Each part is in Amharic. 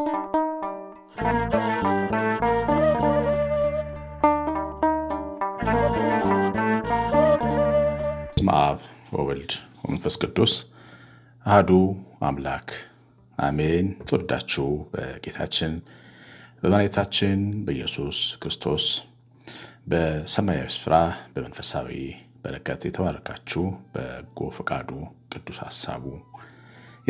በስመ አብ ወወልድ ወመንፈስ ቅዱስ አህዱ አምላክ አሜን። ተወዳችሁ በጌታችን በመድኃኒታችን በኢየሱስ ክርስቶስ በሰማያዊ ስፍራ በመንፈሳዊ በረከት የተባረካችሁ በጎ ፈቃዱ ቅዱስ ሐሳቡ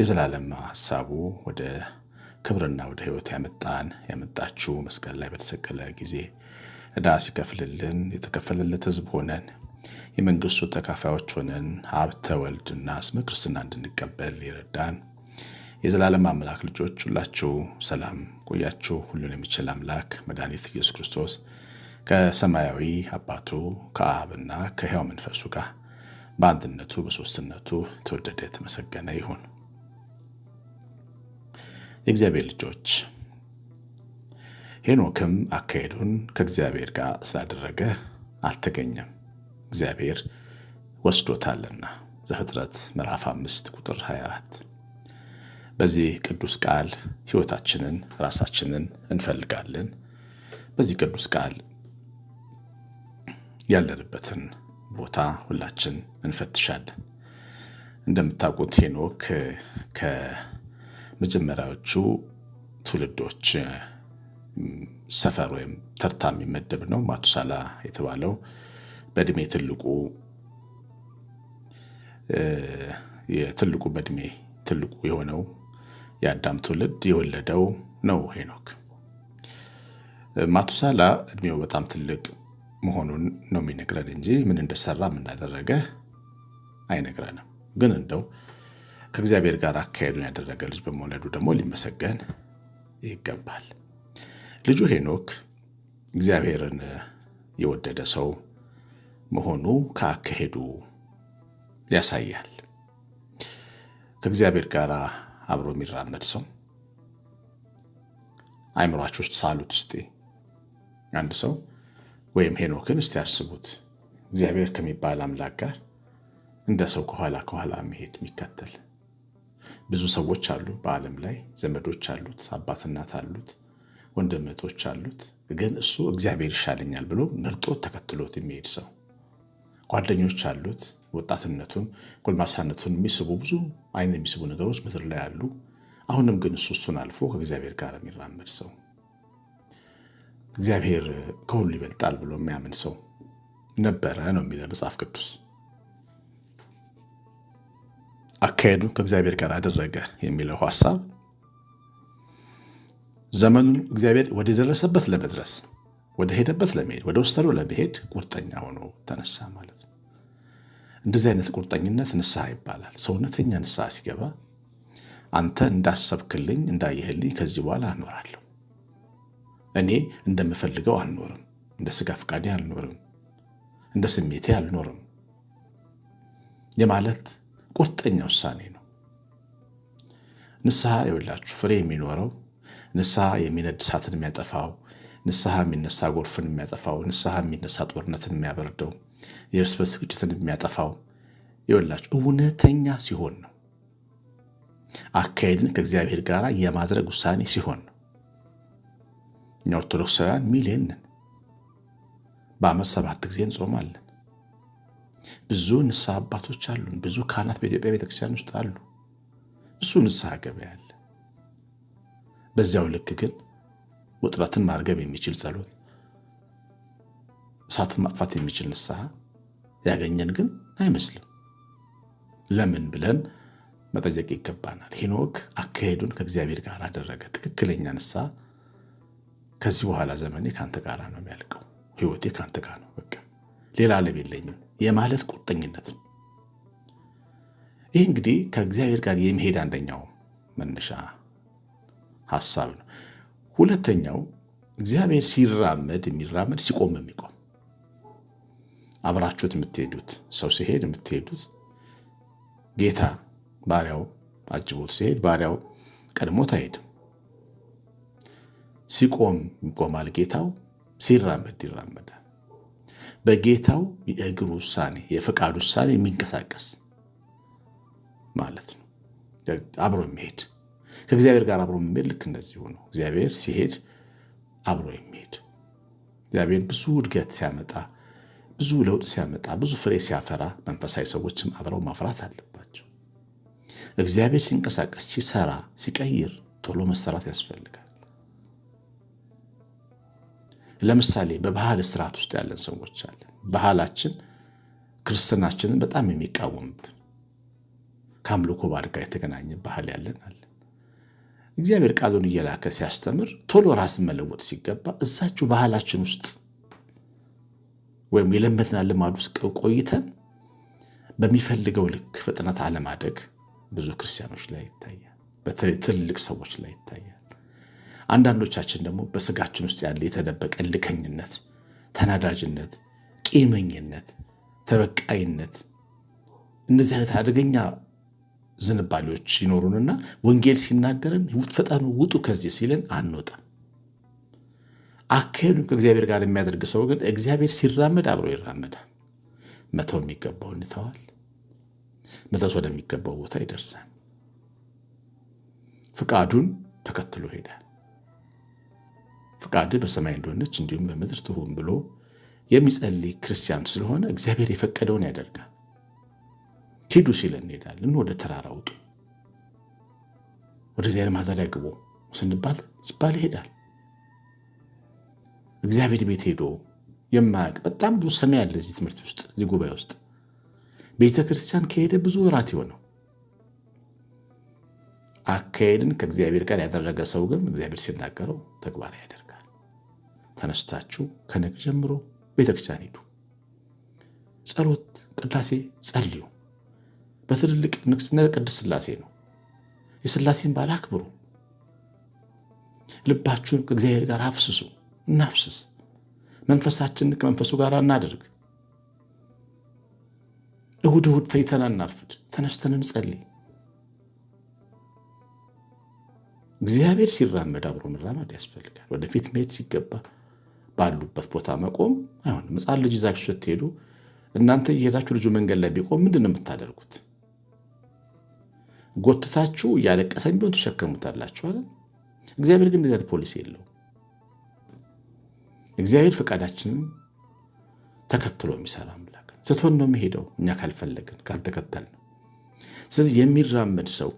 የዘላለም ሐሳቡ ወደ ክብርና ወደ ህይወት ያመጣን ያመጣችው መስቀል ላይ በተሰቀለ ጊዜ እዳ ሲከፍልልን የተከፈለለት ህዝብ ሆነን የመንግስቱ ተካፋዮች ሆነን ሀብተ ወልድና ስመ ክርስትና እንድንቀበል ይረዳን። የዘላለም አምላክ ልጆች ሁላችሁ ሰላም ቆያችሁ። ሁሉን የሚችል አምላክ መድኃኒት ኢየሱስ ክርስቶስ ከሰማያዊ አባቱ ከአብና ከሕያው መንፈሱ ጋር በአንድነቱ በሶስትነቱ ተወደደ የተመሰገነ ይሁን። የእግዚአብሔር ልጆች ሄኖክም አካሄዱን ከእግዚአብሔር ጋር ስላደረገ አልተገኘም፣ እግዚአብሔር ወስዶታልና። ዘፍጥረት ምዕራፍ 5 ቁጥር 24። በዚህ ቅዱስ ቃል ሕይወታችንን ራሳችንን እንፈልጋለን። በዚህ ቅዱስ ቃል ያለንበትን ቦታ ሁላችን እንፈትሻለን። እንደምታውቁት ሄኖክ መጀመሪያዎቹ ትውልዶች ሰፈር ወይም ተርታ የሚመደብ ነው። ማቱሳላ የተባለው በእድሜ ትልቁ የትልቁ በእድሜ ትልቁ የሆነው የአዳም ትውልድ የወለደው ነው ሄኖክ። ማቱሳላ እድሜው በጣም ትልቅ መሆኑን ነው የሚነግረን እንጂ ምን እንደሰራ ምን እንዳደረገ አይነግረንም። ግን እንደው ከእግዚአብሔር ጋር አካሄዱን ያደረገ ልጅ በመውለዱ ደግሞ ሊመሰገን ይገባል። ልጁ ሄኖክ እግዚአብሔርን የወደደ ሰው መሆኑ ከአካሄዱ ያሳያል። ከእግዚአብሔር ጋር አብሮ የሚራመድ ሰው አይምሯችሁ ውስጥ ሳሉት እስቲ አንድ ሰው ወይም ሄኖክን እስቲ ያስቡት። እግዚአብሔር ከሚባል አምላክ ጋር እንደ ሰው ከኋላ ከኋላ መሄድ የሚከተል ብዙ ሰዎች አሉ በዓለም ላይ ዘመዶች አሉት፣ አባት እናት አሉት፣ ወንድምቶች አሉት። ግን እሱ እግዚአብሔር ይሻለኛል ብሎ መርጦ ተከትሎት የሚሄድ ሰው ጓደኞች አሉት። ወጣትነቱን ጎልማሳነቱን የሚስቡ ብዙ አይን የሚስቡ ነገሮች ምድር ላይ አሉ። አሁንም ግን እሱ እሱን አልፎ ከእግዚአብሔር ጋር የሚራመድ ሰው እግዚአብሔር ከሁሉ ይበልጣል ብሎ የሚያምን ሰው ነበረ ነው የሚለ መጽሐፍ ቅዱስ። አካሄዱን ከእግዚአብሔር ጋር አደረገ የሚለው ሀሳብ ዘመኑን እግዚአብሔር ወደ ደረሰበት ለመድረስ ወደ ሄደበት ለመሄድ ወደ ወሰደው ለመሄድ ቁርጠኛ ሆኖ ተነሳ ማለት ነው። እንደዚህ አይነት ቁርጠኝነት ንስሐ ይባላል። ሰውነተኛ ንስሐ ሲገባ አንተ እንዳሰብክልኝ እንዳየህልኝ ከዚህ በኋላ አኖራለሁ። እኔ እንደምፈልገው አልኖርም። እንደ ስጋ ፈቃዴ አልኖርም። እንደ ስሜቴ አልኖርም የማለት ቁርጠኛ ውሳኔ ነው። ንስሐ የወላችሁ ፍሬ የሚኖረው ንስሐ የሚነድ እሳትን የሚያጠፋው ንስሐ የሚነሳ ጎርፍን የሚያጠፋው ንስሐ የሚነሳ ጦርነትን የሚያበርደው የእርስ በርስ ግጭትን የሚያጠፋው የወላችሁ እውነተኛ ሲሆን ነው። አካሄድን ከእግዚአብሔር ጋር የማድረግ ውሳኔ ሲሆን ነው። እኛ ኦርቶዶክሳውያን ሚሊየን ነን። ሰባት ጊዜ እንጾማለን። ብዙ ንስሐ አባቶች አሉ ብዙ ካህናት በኢትዮጵያ ቤተክርስቲያን ውስጥ አሉ። እሱ ንስሐ ገበያ አለ። በዚያው ልክ ግን ውጥረትን ማርገብ የሚችል ጸሎት፣ እሳትን ማጥፋት የሚችል ንስሐ ያገኘን ግን አይመስልም። ለምን ብለን መጠየቅ ይገባናል። ሄኖክ አካሄዱን ከእግዚአብሔር ጋር አደረገ። ትክክለኛ ንስሐ ከዚህ በኋላ ዘመኔ ከአንተ ጋር ነው የሚያልቀው፣ ህይወቴ ከአንተ ጋር ነው፣ በቃ ሌላ አለም የለኝም የማለት ቁርጠኝነት ይህ እንግዲህ ከእግዚአብሔር ጋር የመሄድ አንደኛው መነሻ ሀሳብ ነው። ሁለተኛው እግዚአብሔር ሲራመድ የሚራመድ ሲቆም የሚቆም አብራችሁት የምትሄዱት ሰው ሲሄድ የምትሄዱት ጌታ ባሪያው አጅቦት ሲሄድ ባሪያው ቀድሞት አይሄድም። ሲቆም ይቆማል ጌታው፣ ሲራመድ ይራመዳል። በጌታው የእግር ውሳኔ የፈቃድ ውሳኔ የሚንቀሳቀስ ማለት ነው። አብሮ የሚሄድ ከእግዚአብሔር ጋር አብሮ የሚሄድ ልክ እንደዚሁ ነው። እግዚአብሔር ሲሄድ አብሮ የሚሄድ እግዚአብሔር ብዙ እድገት ሲያመጣ፣ ብዙ ለውጥ ሲያመጣ፣ ብዙ ፍሬ ሲያፈራ መንፈሳዊ ሰዎችም አብረው ማፍራት አለባቸው። እግዚአብሔር ሲንቀሳቀስ፣ ሲሰራ፣ ሲቀይር ቶሎ መሰራት ያስፈልጋል። ለምሳሌ በባህል ስርዓት ውስጥ ያለን ሰዎች አለ። ባህላችን ክርስትናችንን በጣም የሚቃወምብን ከአምልኮ ባድጋ ጋር የተገናኘ ባህል ያለን አለ። እግዚአብሔር ቃሉን እየላከ ሲያስተምር ቶሎ ራስን መለወጥ ሲገባ እዛችሁ ባህላችን ውስጥ ወይም የለመድና ልማድ ውስጥ ቆይተን በሚፈልገው ልክ ፍጥነት አለማደግ ብዙ ክርስቲያኖች ላይ ይታያል። በተለይ ትልልቅ ሰዎች ላይ ይታያል። አንዳንዶቻችን ደግሞ በስጋችን ውስጥ ያለ የተደበቀ ልከኝነት፣ ተናዳጅነት፣ ቂመኝነት፣ ተበቃይነት እነዚህ አይነት አደገኛ ዝንባሌዎች ይኖሩንና ወንጌል ሲናገርን ፈጠኑ ውጡ ከዚህ ሲለን አንወጣም። አካሄዱን ከእግዚአብሔር ጋር የሚያደርግ ሰው ግን እግዚአብሔር ሲራመድ አብሮ ይራመዳል። መተው የሚገባውን ይተዋል። መተስ ወደሚገባው ቦታ ይደርሳል። ፍቃዱን ተከትሎ ሄዳል። ፍቃድ በሰማይ እንደሆነች እንዲሁም በምድር ትሁን ብሎ የሚጸልይ ክርስቲያን ስለሆነ እግዚአብሔር የፈቀደውን ያደርጋል። ሂዱ ሲለን እንሄዳለን። ወደ ተራራ ውጡ፣ ወደ እግዚአብሔር ማደሪያ ግቡ ስንባል ሲባል ይሄዳል። እግዚአብሔር ቤት ሄዶ የማያውቅ በጣም ብዙ ሰሜ ያለ እዚህ ትምህርት ውስጥ እዚህ ጉባኤ ውስጥ ቤተ ክርስቲያን ከሄደ ብዙ ወራት የሆነው አካሄድን ከእግዚአብሔር ጋር ያደረገ ሰው ግን እግዚአብሔር ሲናገረው ተግባራዊ ያደርጋል። ተነስታችሁ ከነገ ጀምሮ ቤተክርስቲያን ሂዱ፣ ጸሎት ቅዳሴ ጸልዩ። በትልልቅ ንግስና ቅድስት ስላሴ ነው። የስላሴን በዓል አክብሩ። ልባችሁን ከእግዚአብሔር ጋር አፍስሱ። እናፍስስ። መንፈሳችንን ከመንፈሱ ጋር እናደርግ። እሁድ እሁድ ተይተን እናርፍድ። ተነስተን እንጸልይ። እግዚአብሔር ሲራመድ አብሮ መራመድ ያስፈልጋል። ወደፊት መሄድ ሲገባ ባሉበት ቦታ መቆም አይሆንም። ሕፃን ልጅ ይዛችሁ ስትሄዱ እናንተ እየሄዳችሁ ልጁ መንገድ ላይ ቢቆም ምንድን ነው የምታደርጉት? ጎትታችሁ እያለቀሰ ቢሆን ትሸከሙታላችሁ አለ። እግዚአብሔር ግን ነገር ፖሊሲ የለው። እግዚአብሔር ፈቃዳችንን ተከትሎ የሚሰራ አምላክ ትቶን ነው የሚሄደው እኛ ካልፈለግን ካልተከተል ነው። ስለዚህ የሚራመድ ሰው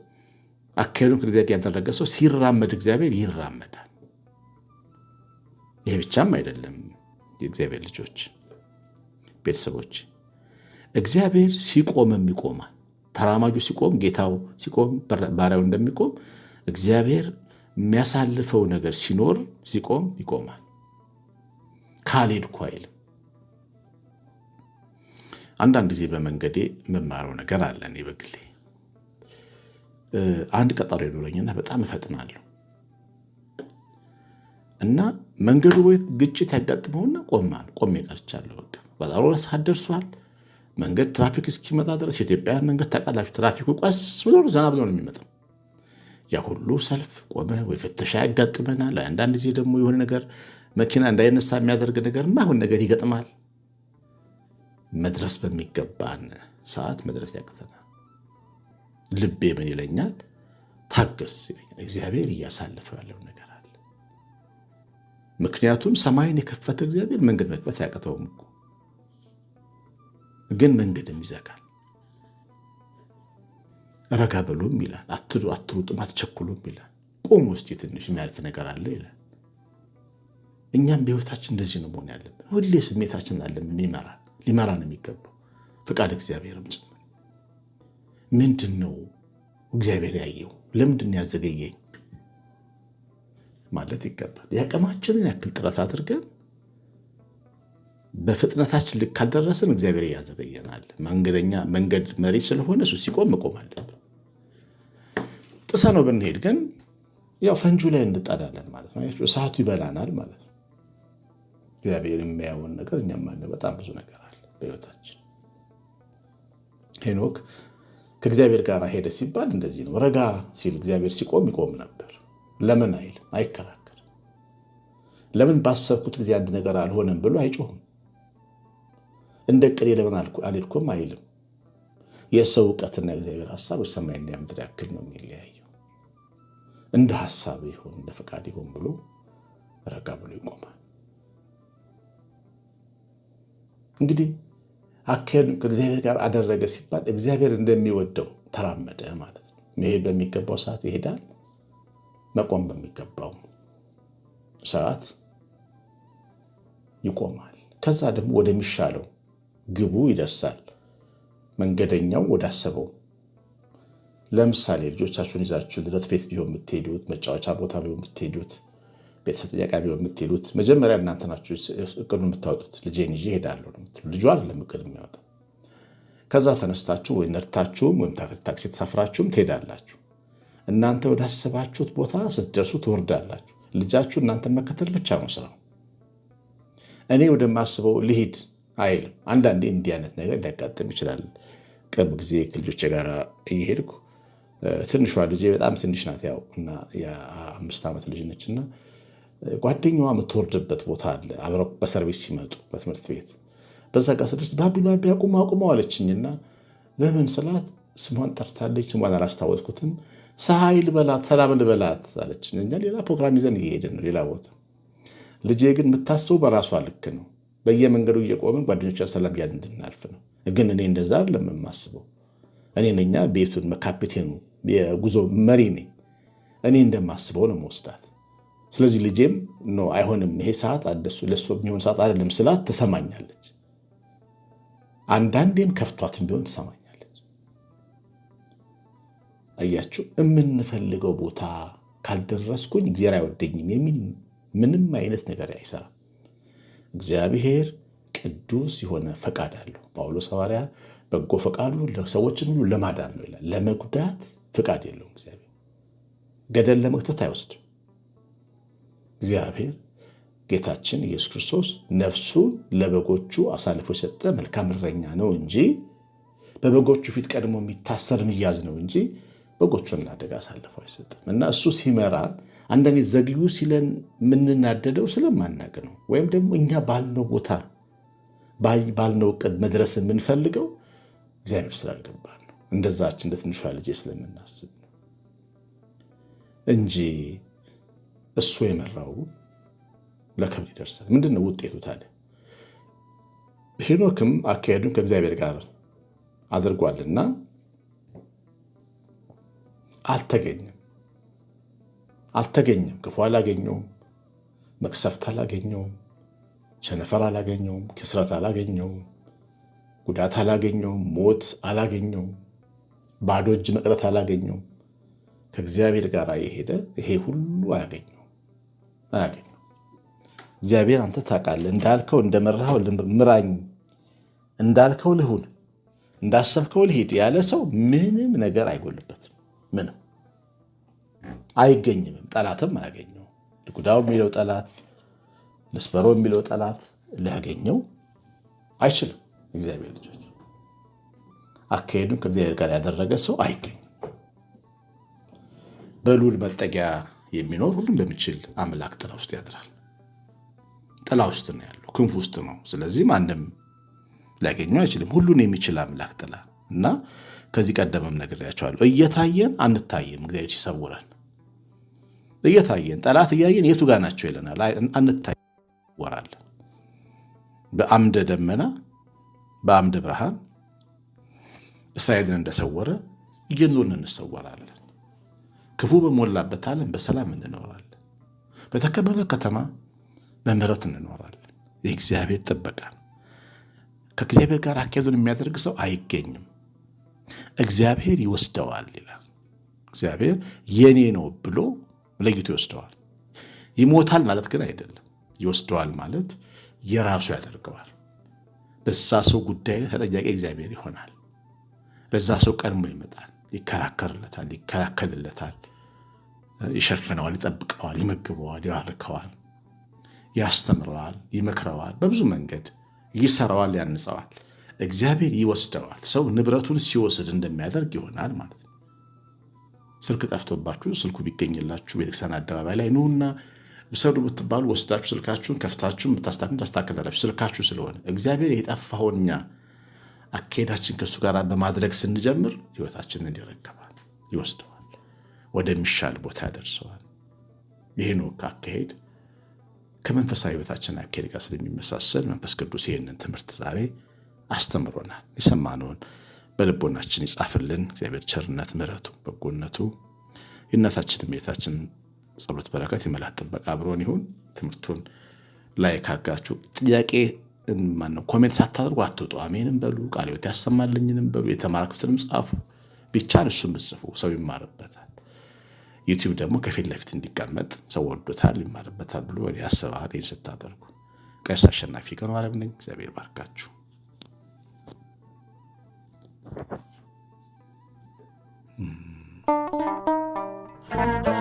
አካሄዱን ከእግዚአብሔር ያደረገ ሰው ሲራመድ እግዚአብሔር ይራመዳል። ይህ ብቻም አይደለም የእግዚአብሔር ልጆች ቤተሰቦች፣ እግዚአብሔር ሲቆምም ይቆማል። ተራማጁ ሲቆም፣ ጌታው ሲቆም፣ ባሪያው እንደሚቆም እግዚአብሔር የሚያሳልፈው ነገር ሲኖር ሲቆም ይቆማል። ካልሄድኩ አይልም። አንዳንድ ጊዜ በመንገዴ የምማረው ነገር አለ። እኔ በግሌ አንድ ቀጠሮ ይኖረኝና በጣም እፈጥናለሁ እና መንገዱ ወይ ግጭት ያጋጥመውና ቆማል። ቆሜ ቀርቻለሁ። በጣም ሰዓት ደርሷል። መንገድ ትራፊክ እስኪመጣ ድረስ የኢትዮጵያን መንገድ ታውቃላችሁ። ትራፊኩ ቀስ ብሎ ዘና ብሎ ነው የሚመጣው። ያ ሁሉ ሰልፍ ቆመ። ወይ ፍተሻ ያጋጥመናል። አንዳንድ ጊዜ ደግሞ የሆነ ነገር መኪና እንዳይነሳ የሚያደርግ ነገር ማይሆን ነገር ይገጥማል። መድረስ በሚገባን ሰዓት መድረስ ያቅተናል። ልቤ ምን ይለኛል? ታገስ ይለኛል። እግዚአብሔር እያሳለፈው ያለው ነገር ምክንያቱም ሰማይን የከፈተ እግዚአብሔር መንገድ መክፈት አያቅተውም እኮ ግን መንገድም ይዘጋል። ረጋ በሉም ይላል። አትሩጥም አትቸኩሉም ይላል። ቆሞ ውስጥ ትንሽ የሚያልፍ ነገር አለ ይላል። እኛም በህይወታችን እንደዚህ ነው መሆን ያለብን። ሁሌ ስሜታችን አለም ሊመራ ነው የሚገባው ፈቃድ እግዚአብሔርም ጭምር ምንድን ነው እግዚአብሔር ያየው ለምንድን ያዘገየኝ ማለት ይገባል። የአቅማችንን ያክል ጥረት አድርገን በፍጥነታችን ልክ ካልደረስን እግዚአብሔር እያዘገየናል መንገደኛ መንገድ መሪ ስለሆነ እሱ ሲቆም መቆም ጥሰ ነው ብንሄድ ግን ያው ፈንጁ ላይ እንጠዳለን ማለት ነው። እሳቱ ይበላናል ማለት ነው። እግዚአብሔር የሚያየውን ነገር እኛም በጣም ብዙ ነገር አለ በህይወታችን። ሄኖክ ከእግዚአብሔር ጋር ሄደ ሲባል እንደዚህ ነው። ረጋ ሲል እግዚአብሔር ሲቆም ይቆም ነበር። ለምን አይልም፣ አይከራከር። ለምን ባሰብኩት ጊዜ አንድ ነገር አልሆነም ብሎ አይጮህም። እንደ ቅኔ ለምን አልሄድኩም አይልም። የሰው እውቀትና እግዚአብሔር ሀሳብ ሰማይና ምድር ያክል ነው የሚለያየው። እንደ ሀሳብ ይሁን እንደ ፈቃድ ይሁን ብሎ ረጋ ብሎ ይቆማል። እንግዲህ አካሄዱ ከእግዚአብሔር ጋር አደረገ ሲባል እግዚአብሔር እንደሚወደው ተራመደ ማለት ነው። መሄድ በሚገባው ሰዓት ይሄዳል መቆም በሚገባው ሰዓት ይቆማል። ከዛ ደግሞ ወደሚሻለው ግቡ ይደርሳል። መንገደኛው ወዳሰበው ለምሳሌ ልጆቻችሁን ይዛችሁ ልደት ቤት ቢሆን የምትሄዱት፣ መጫወቻ ቦታ ቢሆን የምትሄዱት፣ ቤተሰብ ጥያቄ ቢሆን የምትሄዱት፣ መጀመሪያ እናንተ ናችሁ እቅዱን የምታወጡት። ልጄን ይዤ እሄዳለሁ ነው የምትሉ። ልጁ አይደለም እቅድ የሚያወጣ። ከዛ ተነስታችሁ ወይ ነድታችሁም ወይም ታክሲ ተሳፍራችሁም ትሄዳላችሁ። እናንተ ወዳሰባችሁት ቦታ ስትደርሱ ትወርዳላችሁ። ልጃችሁ እናንተን መከተል ብቻ ነው ስራው። እኔ ወደማስበው ልሂድ አይልም። አንዳንዴ እንዲህ አይነት ነገር ሊያጋጥም ይችላል። ቅርብ ጊዜ ከልጆቼ ጋር እየሄድኩ ትንሿ ልጄ በጣም ትንሽ ናት፣ ያው እና የአምስት ዓመት ልጅ ነች እና ጓደኛዋ የምትወርድበት ቦታ አለ። አብረው በሰርቪስ ሲመጡ በትምህርት ቤት በዛ ጋር ስደርስ ባቢ አቁማ አቁማ አለችኝና ለምን ስላት ስሟን ጠርታለች። ስሟን አላስታወስኩትም። ሰሀይ ልበላት፣ ሰላም ልበላት አለች። እኛ ሌላ ፕሮግራም ይዘን እየሄድን ነው ሌላ ቦታ። ልጄ ግን የምታስበው በራሷ ልክ ነው። በየመንገዱ እየቆምን ጓደኞች ሰላም እያልን እንድናልፍ ነው። ግን እኔ እንደዛ አይደለም የማስበው። እኔ ነኛ ቤቱን ካፒቴኑ፣ የጉዞ መሪ ነኝ። እኔ እንደማስበው ነው መወስዳት። ስለዚህ ልጄም ነው አይሆንም፣ ይሄ ሰዓት አደሱ ለሱ የሚሆን ሰዓት አይደለም ስላት ትሰማኛለች። አንዳንዴም ከፍቷትም ቢሆን ትሰማኛለች። አያችሁ፣ የምንፈልገው ቦታ ካልደረስኩኝ እግዚአብሔር አይወደኝም የሚል ምንም አይነት ነገር አይሰራም። እግዚአብሔር ቅዱስ የሆነ ፈቃድ አለው። ጳውሎስ ሐዋርያ በጎ ፈቃዱ ሰዎችን ሁሉ ለማዳን ነው ይላል። ለመጉዳት ፈቃድ የለውም። እግዚአብሔር ገደል ለመክተት አይወስድም። እግዚአብሔር ጌታችን ኢየሱስ ክርስቶስ ነፍሱን ለበጎቹ አሳልፎ የሰጠ መልካም እረኛ ነው እንጂ በበጎቹ ፊት ቀድሞ የሚታሰር ምያዝ ነው እንጂ በጎቹን አደጋ አሳልፎ አይሰጥም እና እሱ ሲመራን አንዳንዴ ዘግዩ ሲለን የምንናደደው ስለማናቅ ነው። ወይም ደግሞ እኛ ባልነው ቦታ ባልነው ዕቅድ መድረስ የምንፈልገው እግዚአብሔር ስላልገባ ነው። እንደዛች እንደ ትንሿ ልጄ ስለምናስብ ነው እንጂ እሱ የመራው ለክብር ይደርሳል። ምንድን ነው ውጤቱ ታዲያ? ሄኖክም አካሄዱን ከእግዚአብሔር ጋር አድርጓልና አልተገኘም አልተገኘም። ክፉ አላገኘውም፣ መቅሰፍት አላገኘውም፣ ቸነፈር አላገኘውም፣ ክስረት አላገኘውም፣ ጉዳት አላገኘውም፣ ሞት አላገኘውም፣ ባዶ እጅ መቅረት አላገኘውም። ከእግዚአብሔር ጋር የሄደ ይሄ ሁሉ አያገኘው አያገኘው። እግዚአብሔር አንተ ታውቃለህ፣ እንዳልከው እንደመራኸው ምራኝ፣ እንዳልከው ልሁን፣ እንዳሰብከው ልሂድ ያለ ሰው ምንም ነገር አይጎልበትም። ምንም አይገኝምም። ጠላትም አያገኘው። ልጉዳው የሚለው ጠላት፣ ልስበሮ የሚለው ጠላት ሊያገኘው አይችልም። እግዚአብሔር ልጆች አካሄዱን ከእግዚአብሔር ጋር ያደረገ ሰው አይገኝም። በልዑል መጠጊያ የሚኖር ሁሉም በሚችል አምላክ ጥላ ውስጥ ያድራል። ጥላ ውስጥ ነው ያለው፣ ክንፍ ውስጥ ነው። ስለዚህ ማንም ሊያገኘው አይችልም። ሁሉን የሚችል አምላክ ጥላ እና ከዚህ ቀደምም ነግሬያቸዋለሁ። እየታየን አንታየም፣ እግዚአብሔር ይሰውረን። እየታየን ጠላት እያየን የቱ ጋር ናቸው ይለናል፣ አንታየ ወራለን በአምደ ደመና በአምደ ብርሃን እስራኤልን እንደሰወረ እየኖርን እንሰወራለን። ክፉ በሞላበት ዓለም በሰላም እንኖራለን። በተከበበ ከተማ በምሕረት እንኖራለን። የእግዚአብሔር ጥበቃ ከእግዚአብሔር ጋር አካሄዱን የሚያደርግ ሰው አይገኝም። እግዚአብሔር ይወስደዋል ይላል። እግዚአብሔር የኔ ነው ብሎ ለይቶ ይወስደዋል። ይሞታል ማለት ግን አይደለም። ይወስደዋል ማለት የራሱ ያደርገዋል። በዛ ሰው ጉዳይ ተጠያቂ እግዚአብሔር ይሆናል። ለዛ ሰው ቀድሞ ይመጣል፣ ይከራከርለታል፣ ይከላከልለታል፣ ይሸፍነዋል፣ ይጠብቀዋል፣ ይመግበዋል፣ ይባርከዋል፣ ያስተምረዋል፣ ይመክረዋል፣ በብዙ መንገድ ይሰራዋል፣ ያንጸዋል። እግዚአብሔር ይወስደዋል። ሰው ንብረቱን ሲወስድ እንደሚያደርግ ይሆናል ማለት ነው። ስልክ ጠፍቶባችሁ ስልኩ ቢገኝላችሁ ቤተክርስቲያን አደባባይ ላይ ነውና ውሰዱ ብትባሉ ወስዳችሁ ስልካችሁን ከፍታችሁ የምታስታክሙ ታስታክላላችሁ፣ ስልካችሁ ስለሆነ እግዚአብሔር የጠፋውኛ አካሄዳችን ከእሱ ጋር በማድረግ ስንጀምር ህይወታችንን ይረከባል፣ ይወስደዋል፣ ወደሚሻል ቦታ ያደርሰዋል። ይህን አካሄድ ከመንፈሳዊ ህይወታችን አካሄድ ጋር ስለሚመሳሰል መንፈስ ቅዱስ ይህንን ትምህርት ዛሬ አስተምሮናል። የሰማነውን በልቦናችን ይጻፍልን። እግዚአብሔር ቸርነት፣ ምሕረቱ፣ በጎነቱ የእናታችንም ቤታችን ጸሎት በረከት የመላት ጥበቃ አብሮን ይሁን። ትምህርቱን ላይ ካጋችሁ ጥያቄ ማነው ኮሜንት ሳታደርጉ አትውጡ። አሜንም በሉ ቃለ ሕይወት ያሰማልኝንም በሉ የተማራኩትንም ጻፉ። ቢቻል እሱም ጽፉ፣ ሰው ይማርበታል። ዩቲዩብ ደግሞ ከፊት ለፊት እንዲቀመጥ ሰው ወዶታል፣ ይማርበታል ብሎ ያስባል። ይህን ስታደርጉ ቀሲስ አሸናፊ ቀን አለም ነኝ። እግዚአብሔር ባርካችሁ። うん